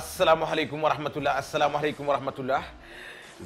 asalaamaaleykum wa rahmatullah asalaamaaleykum wa rahmatullah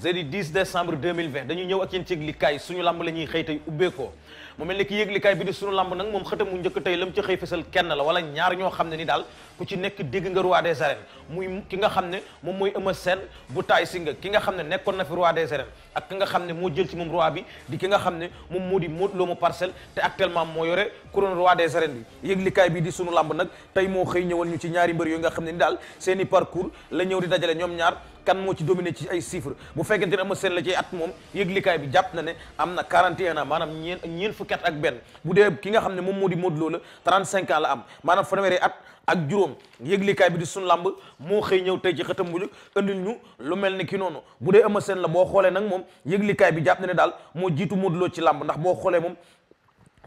jeudi 10 décembre 2020 dañu ñëw ak yéen ci yëglikaay suñu lamb la ñuy xëy tey ubbeekoo mu mel ni ki bi di suñu lamb nag moom xëtam mu njëkk tey lam ci xëy fesal kenn la wala ñaar ñoo xam ne ni daal ku ci nekk dégg nga roi des arènes muy ki nga xam ne moom mooy Eumeu seen bu Tay Shinga ki nga xam ne nekkoon na fi roi des arènes ak ki nga xam ne moo jël ci moom roi bi di ki nga xam ne moom moo di Modou Lo mu parcelle te actuellement moo yore couronne roi des arènes bi yëglikaay bi di sunu lamb nag tey moo xëy ñëwal ñu ci ñaari mbër yooyu nga xam ne ni daal seen parcours la ñëw di dajale ñoom ñaar kan moo ci dominé ci ay chiffres bu fekkente ne ama seen la ci at moom yëglikaay bi jàpp na ne am na 41 ans maanaam ñeen ñeen fukki at ak benn bu dee ki nga xam ne moom moo di Modou Lo la 35 la am maanaam fanweeri at ak juróom yëglikaay bi di sunu làmb moo xëy ñëw tey ci xëtam bu njëkk andil ñu lu mel ni ki noonu bu dee ama seen la boo xoolee nag moom yëglikaay bi jàpp na ne daal moo jiitu Modou Lo ci làmb ndax boo xoolee moom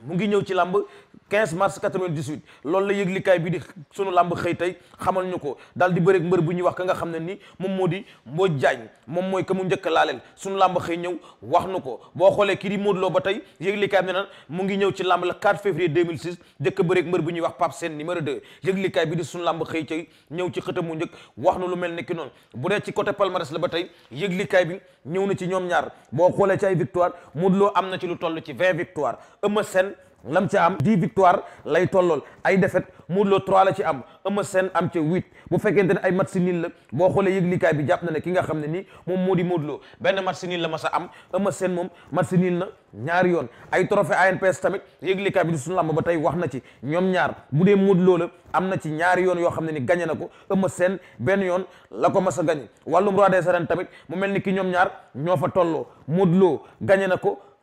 mu ngi ñëw ci làmb 15 mars 98 loolu la yëglikaay bi di sunu làmb xëy tey xamal ñu ko daal di bëreeg mbër bu ñuy wax ka nga xam ne ni moom moo di Mbodj jaañ moom mooy ka mu njëkk laaleel sunu làmb xëy ñëw wax nu ko boo xoolee kii di Modou Lo ba tey yëglikaay bi mu ngi ñëw ci làmb la 4 février 2006 dëkk bëreeg bu ñuy wax Pape Sène numéro 2 yëglikaay bi di sunu làmb xëy tey ñëw ci xëtam mu njëkk wax nu lu mel ni ki noonu bu dee ci côté palmarès la ba tey yëglikaay bi ñëw na ci ñoom ñaar boo xoolee ci ay victoire Modou Lo am na ci lu toll ci 20 victoire Eumeu Sène lam ca am dix victoire lay tollool ay défaite Modou trois la ci am Eumeu seen am ca huit bu fekkente ne ay match nul la boo xoolee yëglikaay bi jàpp na ne ki nga xam ne nii moom moo di Modou Lo benn match nul la mas a am Eumeu seen moom match nul na ñaari yoon ay trophée ANPS tamit yëglikaay bi di suñu làmb ba tey wax na ci ñoom ñaar bu dee Modou la am na ci ñaari yoon yoo xam ne ni gagné na ko Eumeu seen benn yoon la ko mas a gagné wàllum roi des arènes tamit mu mel ni ki ñoom ñaar ñoo fa tolloo Modou Lo gagné na ko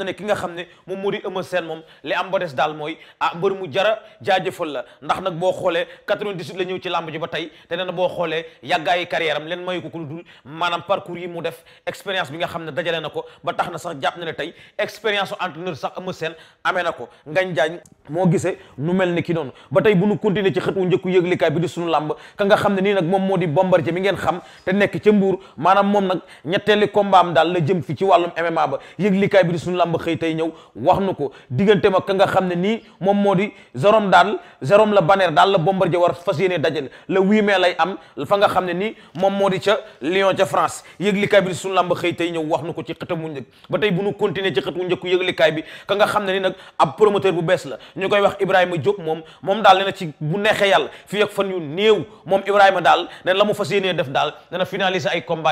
na ne ki nga xam ne moom moo di Eumeu Sène moom li am ba des daal mooy ah mbër mu jara jaajëfal la ndax nag boo xoolee 98 la ñëw ci làmb ji ba tey te nee na boo xoolee yàggaayi carrière am leen mayu ko lu dul maanaam mu def expérience bi nga xam ne dajale na ko ba tax na sax jàpp na ne tey expérience entraîneur sax Eumeu Sène amee na ko ngañ jaañ moo gisee nu mel ni ki noonu ba tey bu nu continuer ci xët wu njëkku yëglikaay bi di sunu làmb ka nga xam ne nii nag moom moo di bombardier mi ngeen xam te nekk ca mbuur maanaam moom nag ñetteeli combat am daal la jëm fi ci wàllum MMA ba yëglikaay bi di làmb xëy tey ñëw wax nu ko diggante ma ka nga xam ne nii moom moo di Jérôme daal Jérôme la Baner daal la Bombardier war fas yéene daje le 8 mai lay am fa nga xam ne nii moom moo di ca Lyon ca France yëglikaay bi suñu làmb xëy tey ñëw wax nu ko ci xëtam wu njëkk ba tey bu nu continuer ci xët wu njëkk yëglikaay bi ka nga xam ne ni nag ab promoteur bu bees la ñu koy wax Ibrahima Diop moom moom daal ne na ci bu neexee yàlla fii ak fan yu néew moom Ibrahima daal ne la mu fas yéene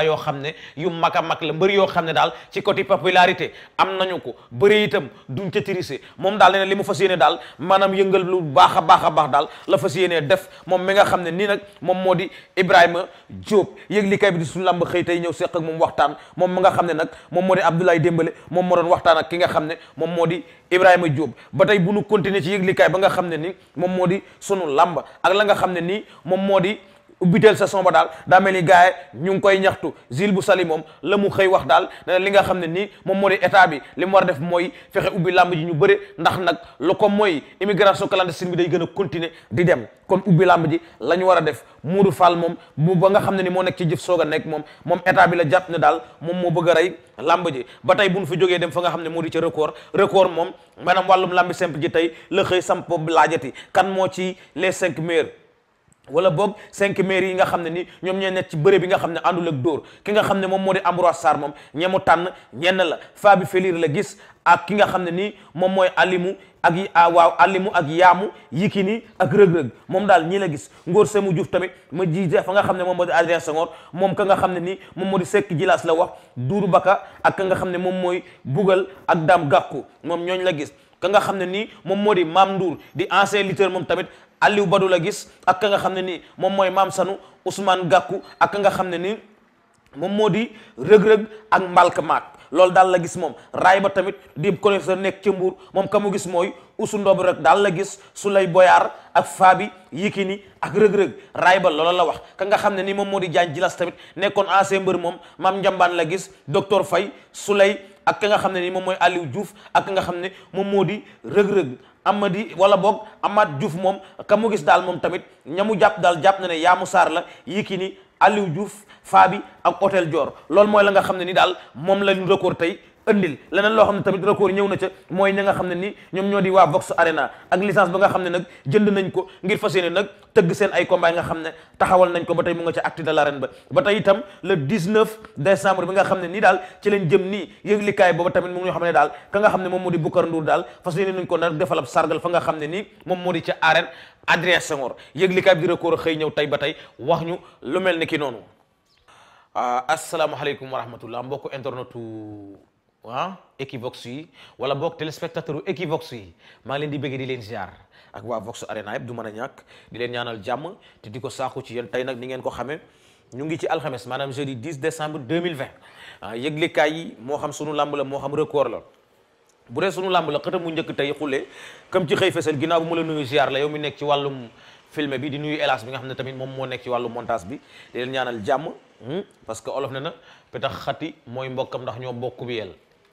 yoo xam ne yu mag la mbër yoo xam ne daal ci côté popularité am nañu nañu ko bëri itam duñ ca tirise moom daal nee na li mu fas yéene daal maanaam yëngal lu baax a baax a baax daal la fas yéene def moom mi nga xam ne nii nag moom moo di Ibrahima Diop yëg li kay bi di suñu làmb xëy tey ñëw seq moom waxtaan moom mi nga xam ne nag moom moo di Abdoulaye Dembélé moom moo doon waxtaan ak ki nga xam ne moom moo di Ibrahima Diop ba tey bu nu continuer ci yëglikaay ba nga xam ne ni moom moo di sunu làmb ak la nga xam ne nii moom moo di ubbiteel sa somba daal daa mel ni gars yi ñu ngi koy ñaxtu zil bu sali moom la mu xëy wax daal li nga xam ne nii moom moo di état bi li mu war a def mooy fexe ubbi làmb ji ñu bëre ndax nag lu ko mooy immigration clandestine bi day gën a continuer di dem kon ubbi làmb ji la ñu war a def Moodu Fall moom mu ba nga xam ne ni moo nekk ci jëf soog a nekk moom moom état bi la jàpp ne daal moom moo bëgg a rey làmb ji ba tey bu ñu fa jógee dem fa nga xam ne moo di ci record record moom maanaam wàllum làmbi simple ji tey la xëy samp laajati kan moo ci les cinq meilleurs wala boog cinq maires yi nga xam ne ni ñoom ñee nekk ci bëre bi nga xam ne àndul ak dóor ki nga xam ne moom moo di Ambroise Sarr moom ñemu tànn ñenn la Fabi Felir la gis ak ki nga xam ne nii moom mooy alimu ak ah, waaw alimu ak yaamu Yékini ak rëg-rëg moom daal ñii la gis ngóor semu Diouf tamit ma ji fa nga xam ne moom moo di Adrien Senghor moom ka nga xam ne ni moom moo di Seck Jilaas la wax Duuru Baka ak ka nga xam ne moom mooy Bugal ak daam Gakou moom ñooñ la gis ka nga xam ne nii moom moo di Maam Ndour di ancien lutteur moom tamit Aliou Badou la gis ak ka nga xam ne nii moom mooy Maam Sanu Ousmane Gakou ak nga xam ne nii moom moo di rëg-rëg ak mbalk maak loolu daal la gis moom raay ba tamit di collecteur nekk ci mbuur moom ka mu gis mooy usu ndob rek daal la gis su lay boyaar ak faabi yikini ak rëg-rëg raay ba loola la wax ka nga xam ne nii moom moo di jaan jilas tamit nekkoon ancien mbër moom maam njambaan la gis docteur fay su lay ak ka nga xam ne ni moom mooy Aliou Diouf ak ka nga xam ne moom moo di rëg-rëg di wala boog Amath Diouf moom ka mu gis daal moom tamit ñamu jàpp daal jàpp na ne Yamou saar la ni Aliou Diouf Faby ak Hôtel joor loolu mooy la nga xam ne ni daal moom la ñu record tey ëndil leneen loo xam ne tamit record ñëw na ca mooy ñi nga xam ne ni ñoom ñoo di waa Vox Arena ak licence ba nga xam ne nag jënd nañ ko ngir fas yéene nag tëgg seen ay combat yi nga xam ne nii daal ci lañ jëm nii yëglikaay booba tamit mu ngi xam ne daal ka nga xam ne moom moo di Boucar Ndour daal fas yéene nañ ko nag defalab sargal fa nga xam ne nii moom moo di ca arène Adrien Senghor yëglikaay bi di record xëy ñëw tey ba tey wax ñu lu mel ah Equivox yi wala boog téléspectateur u Equivox yi maa leen di bëgg di leen ziar ak waa Vox Arena yëpp du mën a ñàkk di leen ñaanal jàmm te di ko saaku ci yéen tey nag ni ngeen ko xamee ñu ngi ci alxames maanaam jeudi 10 décembre 2020 ah yëglekaay yi moo xam sunu làmb la moo xam record la bu dee sunu làmb la xëtam njëkk tey xulle comme ci xëy fesal ginnaaw bu ma la nuyu ziar la yow mi nekk ci wàllum film bi di nuyu hélas bi nga xam ne tamit moom moo nekk ci wàllu montage bi di leen jàmm hmm, parce que olof ne na petax xati mooy mbokkam ndax ñoo bokk bi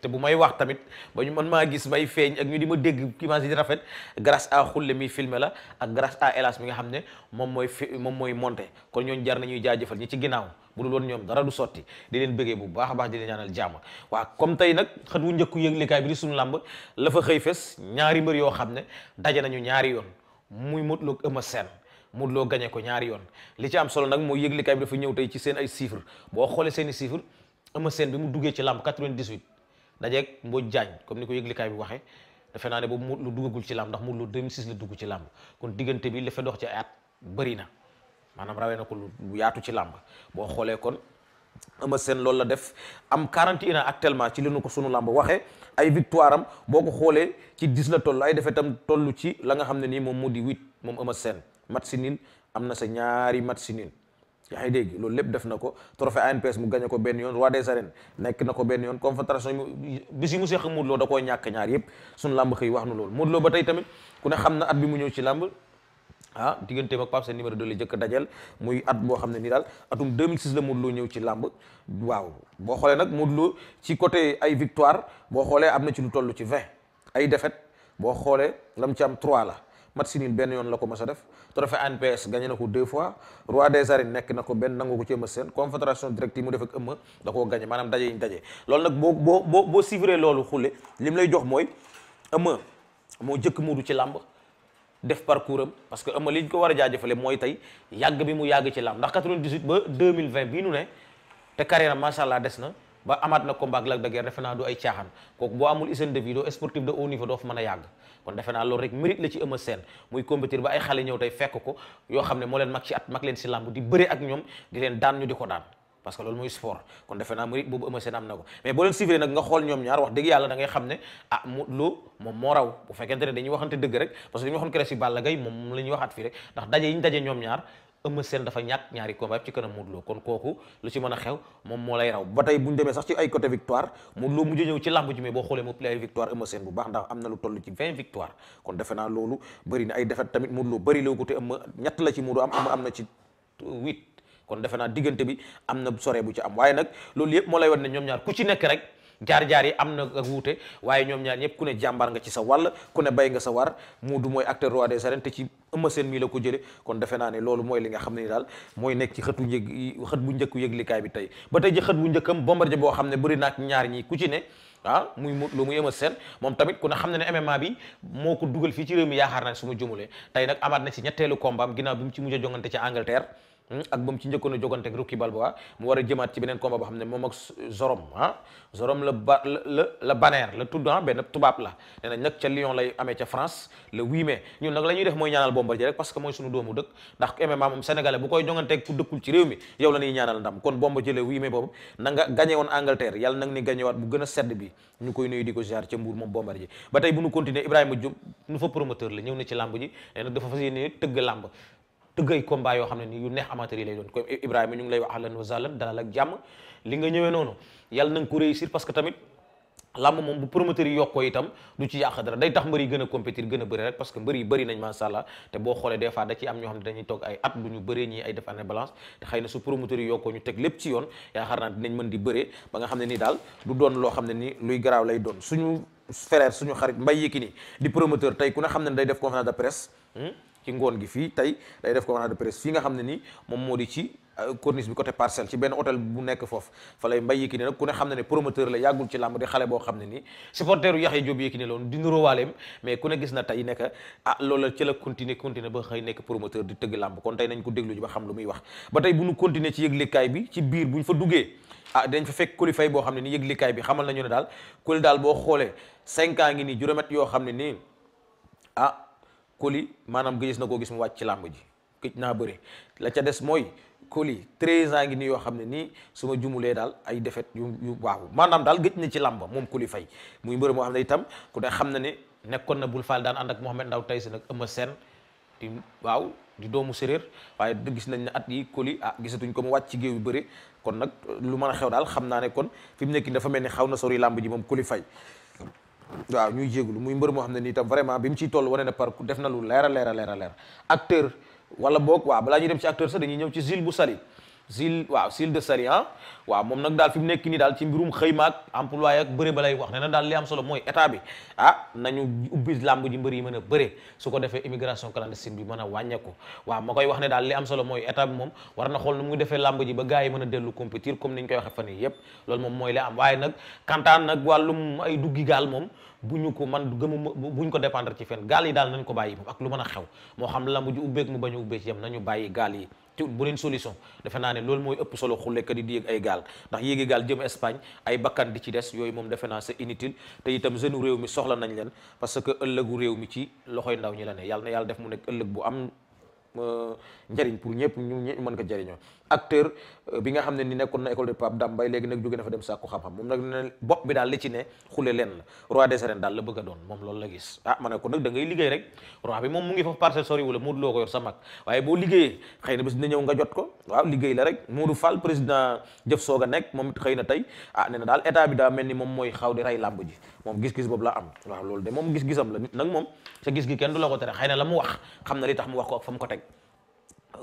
te bu may wax tamit ba ñu man maa gis may feeñ ak ñu di ma dégg image yi di rafet grâce à xulle mi filme la ak grâce à hélas mi nga xam ne moom mooy fi moom mooy monté kon ñooñ jar nañuy jaajëfal ñi ci ginnaaw bu dul woon ñoom dara du sotti di leen bëggee bu baax a baax di leen ñaanal jàmm waaw comme tey nag xët wu njëkku yëglikaay bi di suñu làmb la fa xëy fes ñaari mbër yoo xam ne daje nañu ñaari yoon muy Modou Lo ak Eumeu Sène Modou Lo ko ñaari yoon li ci am solo nag mooy yëglikaay bi dafa ñëw tey ci seen ay chiffres boo xoolee seen i chiffres Eumeu bi mu duggee ci làmb 98 dajeeg Mbodj Diagne comme ni ko yëglikaay bi waxee defe naa ne boobu mu lu duggagul ci làmb ndax mu lu 2006 la dugg ci làmb kon diggante bi la fa dox ci at bëri na maanaam rawee na ko lu yaatu ci làmb boo xoolee kon ama seen loolu la def am 41 ans actuellement ci li nu ko sunu làmb waxee ay victoire am boo ko xoolee ci 10 la toll ay defee tam toll ci la nga xam ne nii moom moo di 8 moom ama seen mat si niin am na sa ñaari match nul yaa ngi dégg loolu lépp def na ko trophée ANPS mu gagné ko benn yoon roi des arènes nekk na ko benn yoon confrontation yi bis yi mu seex Modou Lo da koo ñàkk ñaar yëpp suñu làmb xëy wax na loolu Modou Lo ba tey tamit ku ne xam na at bi mu ñëw ci làmb ah digganteem ak Pape Sène numéro 2 la jëkk dajel muy at boo xam ne daal atum 2006 la Modou Lo ñëw ci làmb waaw boo xoolee nag Modou Lo ci côté ay victoire boo xoolee am na ci lu toll ci vingt ay défaite boo xoolee lam ci am trois la match nul benn yoon la ko mës a def trophée ANPS gagné na ko deux fois roi des arènes nekk na ko benn nangu ko ci Eumeu Sène confrontation directe yi mu def ak Eumeu da koo gagné maanaam daje ñu daje loolu nag boo boo boo boo suivre loolu xule li mu lay jox mooy Eumeu moo jëkk muudu ci làmb def parcours am parce que Eumeu li ñu ko war a jaajëfale mooy tey yàgg bi mu yàgg ci làmb ndax 98 ba 2020 bii nu ne te carrière am macha allah des na. ba amaat na combat ak Lac de Guiers defe naa du ay caaxaan kooku boo amul hygiène de vie doo sportif de haut niveau doo fa mën a yàgg kon defe naa loolu rek mérite la ci Eumeu Sène muy compétir ba ay xale ñëw tey fekk ko yoo xam ne moo leen mag ci at mag leen si làmb di bëre ak nag nga xool ñoom ñaar wax dëgg yàlla da ngay xam ne ah Modou Lo moom moo raw bu fekkente ne dañuy waxante dëgg rek parce que dañuy waxoon keroog si Balla Gaye moom la ñuy waxaat fii rek ndax daje yi daje ñoom ñaar Eumeu Sène dafa ñàkk ñaari combat ci kanam Modou Lo kon kooku lu ci mën a xew moom moo lay raw ba tey bu ñu sax ci ay côté victoire Modou Lo mujj ñëw ci làmb ji mais boo xoolee moo am na la ci Modou am am na ci huit kon defe naa diggante bi am na sore bu ci am waaye nag loolu yëpp moo lay wan ne ñoom ñaar ku ci nekk rek jaar-jaar yi am na ak wuute waaye ñoom ñaar ñëpp ku ne jàmbaar nga ci sa wàll ku ne bay nga sa war Modou mooy acteur roi ëmma seen mii la ko jële kon defe naa ne loolu mooy li nga xam ne ni daal mooy nekk ci xëtu yëg xët bu njëkk yëglikaay bi tey ba tey ji bu njëkkam bombardier boo xam ne bëri naak ñaar ñi ku ci ne ah muy Modou Lo muy Eumeu seen moom tamit ku ne xam ne ne MMA bi moo ko dugal fii ci réew mi yaakaar naa su ma jumulee tey nag amaat na si ñetteelu combat am ginnaaw bi mu ci mujj a jongante ci Angleterre Hmm? ak ba ci njëkkoon a jogante ak Rocky Balboa mu war a jëmaat ci beneen combat boo xam ne moom ak Zorom ah Zorom la ba la la Banner la tudd ah? tubaab la nee nañ nag ca Lyon lay amee ca France le 8 mai ñun nag la ñuy def mooy ñaanal Bombardier rek parce que mooy suñu doomu dëkk ndax MMA moom sénégalais bu koy jongante ku dëkkul ci réew mi yow la ñuy ñaanal ndam kon Bombardier le 8 mai boobu na nga gagné woon Angleterre yàlla nag ni gagné bu gën sedd bi ñu koy nuyu di ko ziar ca Mbour moom Bombardier ba tey bu ñu continuer Ibrahima Diop nu fa promoteur la ñëw na ci lamb ji nee nag dafa fas yéene tëgg lamb tëggay combat yoo xam ne ni yu neex amateur yi lay doon comme Ibrahima ñu ngi lay wax ahlan wa sahlan dalal ak jàmm li nga ñëwee noonu yàlla na nga ko réussir parce que tamit làmb moom bu promoteur yi yokkoo itam du ci yàq dara day tax mbër yi gën a compétir gën a bëri rek parce que mbër yi bëri nañ macha allah te boo xoolee des fois da ciy am ñoo xam ne dañuy toog ay at bu ñu bëree ñii ay def année balance te xëy na su promoteur yi yokkoo ñu teg lépp ci yoon yaakaar naa dinañ mën di bëree ba nga xam ne ni daal du doon loo xam ne ni luy garaaw lay doon suñu frère suñu xarit Mbaye Yékini di promoteur tey ku ne xam ne day def conférence de presse hmm? ci ngoon gi fii tey day def conférence de presse fii nga xam ne nii moom moo di ci euh, corniche bi côté parcelle ci benn hôtel bu nekk foofu fa lay mbay Yékini nag ku ne xam ne ne promoteur la yàggul ci làmb di xale boo xam ne nii supporteru Yaxya Jóob Yékini la woon di ku ne gis na tey nekk ah loola ci la ba xëy nekk promoteur di tëgg làmb kon tey nañ ko déglu ji ba xam lu muy wax ba tey bu ñu continuer ci yëglekaay bi ci biir buñ fa duggee ah dañ fa fekk qualifié boo xam ne nii yëglekaay bi xamal nañu ne daal kuli daal boo xoolee cinq a ngi nii juróomet yoo xam ne nii ah Koli maanaam gëjës na koo gis mu wàcc ci làmb ji gëj naa bëre la ca des mooy Koli 13 ans ngi nii yoo xam ne nii suma ma jumulee daal ay defet yu yu waaw maanaam daal gëj na ci làmba moom Koli Faye muy mbër moo xam ne itam ku ne xam na ne nekkoon na bul faal daan ànd ak Mohamed Ndaw Tyson nag Eumeu Sène di waaw di doomu séréer waaye gis nañ ne at yi Koli ah gisatuñ ko mu wàcc ci géew yu bëri kon nag lu mën a xew daal xam naa ne kon fi mu nekk dafa mel ni xaw na sori làmb ji moom Koli waaw ñuy jégalu muy mbër moo xam ne nii tam vraiment bi mu ci toll wane na par def na lu leer a leer a leer a leer acteur wala boog waaw balaa ñuy dem ci acteur sax dañuy ñëw ci Jules bu Sali sil waaw sil de sariya ah. waaw moom nag daal fi mu nekk nii daal ci mbirum xëy maag employé ak bëre ba wax ne na daal li am solo mooy état bi ah nañu ubbi làmb ji mbër yi mën a bëre su ko defee immigration clandestine a wàññeeku waaw ma koy wax ne daal li solo mooy état bi moom war na xool nu muy defee làmb ji ba gars yi a dellu compétir comme ni ñu koy waxee fan yii yépp loolu moom mooy li am waaye nag kantaan nag wàllum ay duggi gaal moom bu ñu ko man gëmuma buñ ko dépendre ci fen gaal yi daal nañ ko bàyyi moom ak lu mën a xew moo xam làmb ji ubbeek mu bañ a ubbee ci yem nañu bàyyi gaal yi te bu leen solution defe naa ne loolu mooy ëpp solo xullekat yi di yéeg ay gaal ndax yéegi gaal jëm Espagne ay bakkan di ci des yooyu moom defe naa c'est inutile te itam jeune réew mi soxla nañ leen parce que ëllëgu réew mi ci loxoy ndaw ñi la ne yàlla na yàlla def mu nekk ëllëg bu am euh, njëriñ pour ñëpp ñu mën ko jëriñoo acteur euh, bi nga xam ne ni nekkoon na école de Pape Dambay léegi nag jóge na fa dem sàkku xam-xam moom nag ne bopp bi daal li ci ne xule leen la roi des arènes daal la bëgg a doon moom loolu la gis ah ma ne ko nag da ngay liggéey rek roi bi moom mu ngi na bés nga jot ko waaw liggéey la rek Modou Fall président jëf soog nekk moom xëy na tey ah nee na daal état bi daa mel ni moom mooy xaw di rey làmb moom gis-gis boobu la am waaw loolu de moom gis-gisam la nit nag moom sa gis gi kenn du la ko tere xay na la mu wax xam na li tax mu wax ko ak fa ko teg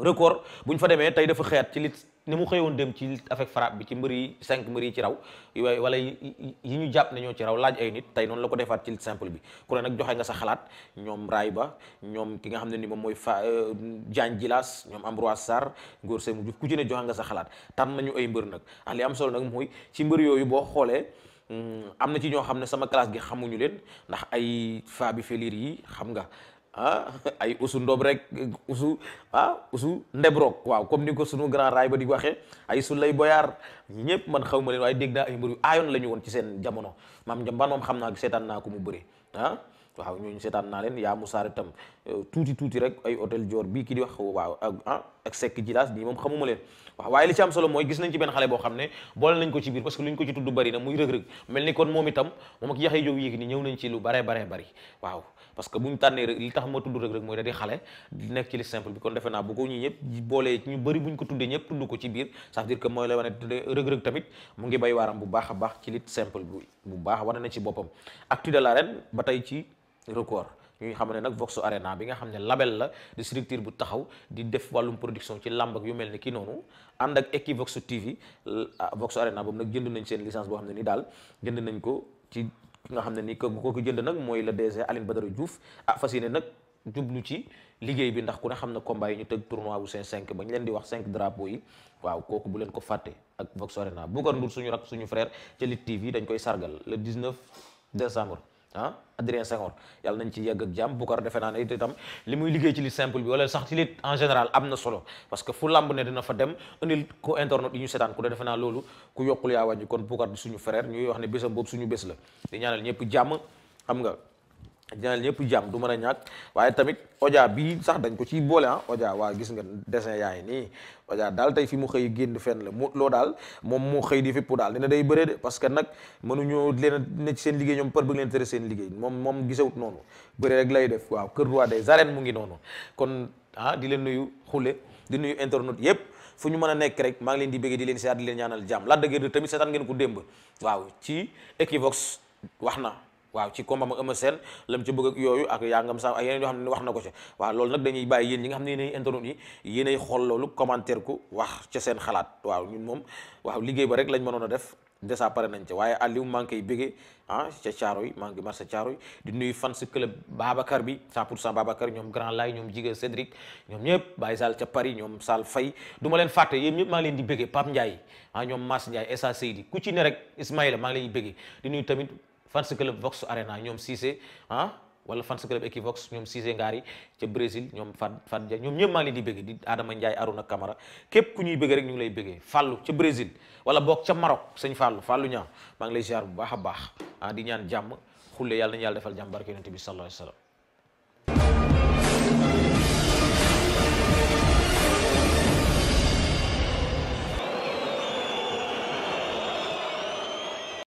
record bu ñu fa demee tey dafa xeet ci lit ni mu xëyoon dem ci lit avec frappe bi ci mbër yi cinq mbër yi ci raw wala yi ñu jàpp ne ñoo ci raw laaj ay nit tey noonu la ko defaat ci lit simple bi ku ne nag joxe nga sa xalaat ñoom raay ba ñoom ki nga xam ne ni moom mooy fa euh, Diagne Djilas ñoom Ambroise sar Ngor Sémou Diouf ku ci ne joxe nga sa xalaat tànn nañu ay mbër nag ah am solo nag mooy ci mbër yooyu boo xoolee mm, am na ci ñoo xam ne sama classe gi xamuñu leen ndax ay Fabi Félire yi xam nga ah ay usu ndob rek usu ah usu ndebroog waaw comme ni ko sunu grand raay ba di waxee ay su lay boyaar ñëpp man xaw ma leen waaye dégg naa ay mbir aayoon la ñu woon ci seen jamono maam njambaan moom xam naa seetaan naa ko mu bëri ah waaw ñu seetaan naa leen yaa musaare tam Euh, tuuti tuuti rek ay hôtel Dior bii ki di wax waaw ah ak Seck Jilaas nii moom xamuma leen waaw waaye li ci am solo mooy gis nañ ci benn xale boo xam ne boole nañ ko ci biir parce que luñ ko ci tudd bari na muy rëg-rëg mel ni kon moom itam moom ak yaxe jow tànnee rek tax ma tudd rëg-rëg mooy da di xale di nekk ci li simple bi kon defe naa bu ko ñi ñëpp boolee ñu bëri buñ ko tuddee ñëpp tudd ko ci biir ça veut dire que mooy la wane rëg-rëg tamit mu ngi bay waaram bu baax a baax ci li simple bu bu baax wane na ci boppam actu de l'arène ba tey ci record ñu ngi xam ne nag Vox Arena bi nga xam ne label la di structure bu taxaw di def wàllum production ci làmb yu mel ni ki noonu ànd ak Equivox TV ah, Vox Arena boobu nag jënd nañ seen licence boo xam ne ni daal jënd nañ ko ci nga xam ne ni ko ko jënd nag mooy le DG Aline Badara Diouf a ah, fas yéene nag jublu ci liggéey bi ndax ku ne xam na combat yi ñu tëgg tournoi bu cinq cinq ba ñu leen di wax cinq drapeaux yi waaw kooku bu leen ko fàtte ak Vox Arena Boucar Ndour suñu rak suñu frère ci Lutte koy sargal le 19 décembre ah Adrien Senghor yàlla nañ ci yegg ak jàmm Boucar defe naa ne itam li muy liggéey ci li simple bi wala sax ci lit en général am na solo parce que fu làmb ne dina fa dem indil ko internet yi ñu seetaan ku defe naa loolu ku yokkul yaa wàññi kon Boucar di suñu frère ñuy wax ne bésam boobu suñu bés la di ñaanal ñëpp jàmm xam nga dina ñëpp jàmm du mën a ñàkk waaye tamit odia bii sax dañ ko ciy boole ah odia waa gis nga dessin yaay nii odia daal tey fi mu xëy génn fenn la mu loo daal moom mu xëy di fépp daal dina day bëree de parce que nag mënuñoo leen ne ci seen liggéey ñoom par bëgg leen tere seen liggéey moom moom gisewut noonu bëri rek lay def waaw kër roi des arènes mu ngi noonu kon ah di leen nuyu xule di nuyu internautes yépp fu ñu mën a nekk rek maa ngi leen di bëgg di leen seet di ñaanal jàmm Lac de Guiers tamit seetaan ko démb waaw ci wax na waaw ci combat ma Eumeu Sène la mu ci bëgg ak yooyu ak yaa ngam sa ak yeneen yoo xam ne wax na ko ci waaw loolu nag dañuy bàyyi yéen ñi nga xam ne yéenay internet yi yéenay waaw liggéey ba rek lañ mënoon a def dèjà pare nañ ca waaye Aliou maa ngi koy bégee ah ca yi maa ngi marché caaro yi nuyu fan si club Babacar bi 100 pour cent Babacar ñoom Grand Lay ñoom Jiga Cédric ñoom ñëpp Baye Sall ca Paris ñoom Sall Faye du ma leen fàtte yéen ñëpp maa leen di bégee Pape Ndiaye ah ñoom Mass Ndiaye Essa Seydi ku ci ne rek Ismaïla maa ngi leen di bégee di nuyu tamit fans club Vox Arena ñoom Cissé ah wala fans club Equivox ñoom Cissé Ngari ca Brésil ñoom Fat Fat Dia ñoom ñëpp maa ngi leen di bëgg di Adama Ndiaye Aruna Camara képp ku ñuy bëgg rek ñu ngi lay bëggee Fallou ca Brésil wala boog ca Maroc sëñ Fallou Fallou ñaa maa ngi lay ziar bu baax a baax ah di ñaan jàmm xulle yàlla nañu yàlla defal jàmm barke yonente bi sallallahu alayhi